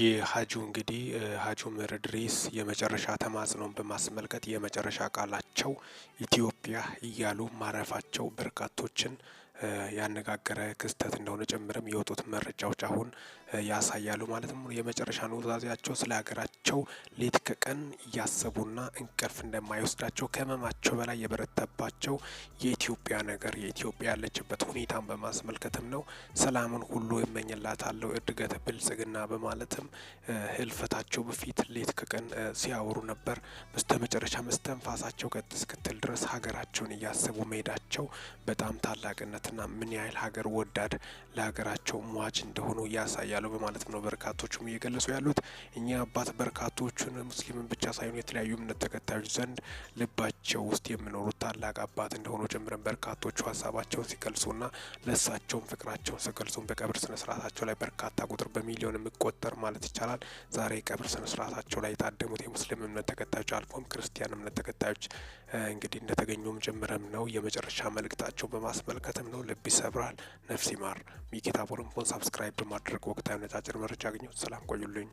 የሀጁ እንግዲህ ሀጁ ምርድሪስ የመጨረሻ ተማጽኖን በማስመልከት የመጨረሻ ቃላቸው ኢትዮጵያ እያሉ ማረፋቸው በርካቶችን ያነጋገረ ክስተት እንደሆነ ጭምርም የወጡት መረጃዎች አሁን ያሳያሉ ማለት ነው። የመጨረሻ ኑዛዜያቸው ስለ ሀገራቸው ሌት ከቀን እያሰቡና እንቅልፍ እንደማይወስዳቸው ከህመማቸው በላይ የበረተባቸው የኢትዮጵያ ነገር የኢትዮጵያ ያለችበት ሁኔታን በማስመልከትም ነው። ሰላምን ሁሉ እመኝላታለሁ፣ እድገት፣ ብልጽግና በማለትም ህልፈታቸው በፊት ሌት ከቀን ሲያወሩ ነበር። መጨረሻ መስተንፋሳቸው ቀጥ እስክትል ድረስ ሀገራቸውን እያሰቡ መሄዳቸው በጣም ታላቅነት ምርታትና ምን ያህል ሀገር ወዳድ ለሀገራቸው ሟች እንደሆኑ ያሳያሉ በማለትም ነው በርካቶቹም እየገለጹ ያሉት። እኚህ አባት በርካቶቹን ሙስሊምን ብቻ ሳይሆን የተለያዩ እምነት ተከታዮች ዘንድ ልባቸው ውስጥ የሚኖሩት ታላቅ አባት እንደሆኑ ጀምረን በርካቶቹ ሀሳባቸውን ሲገልጹና ለእሳቸውም ፍቅራቸውን ሲገልጹም በቀብር ስነስርዓታቸው ላይ በርካታ ቁጥር በሚሊዮን የሚቆጠር ማለት ይቻላል ዛሬ ቀብር ስነስርዓታቸው ላይ የታደሙት የሙስሊም እምነት ተከታዮች አልፎም ክርስቲያን እምነት ተከታዮች እንግዲህ እንደተገኙም ጀምረም ነው የመጨረሻ መልእክታቸው በማስመልከትም ነው ነው፣ ልብ ይሰብራል። ነፍስ ይማር። ሚኪታቦርን ቦን ሳብስክራይብ በማድረግ ወቅታዊ ነጫጭር መረጃ ያገኘው። ሰላም ቆዩልኝ።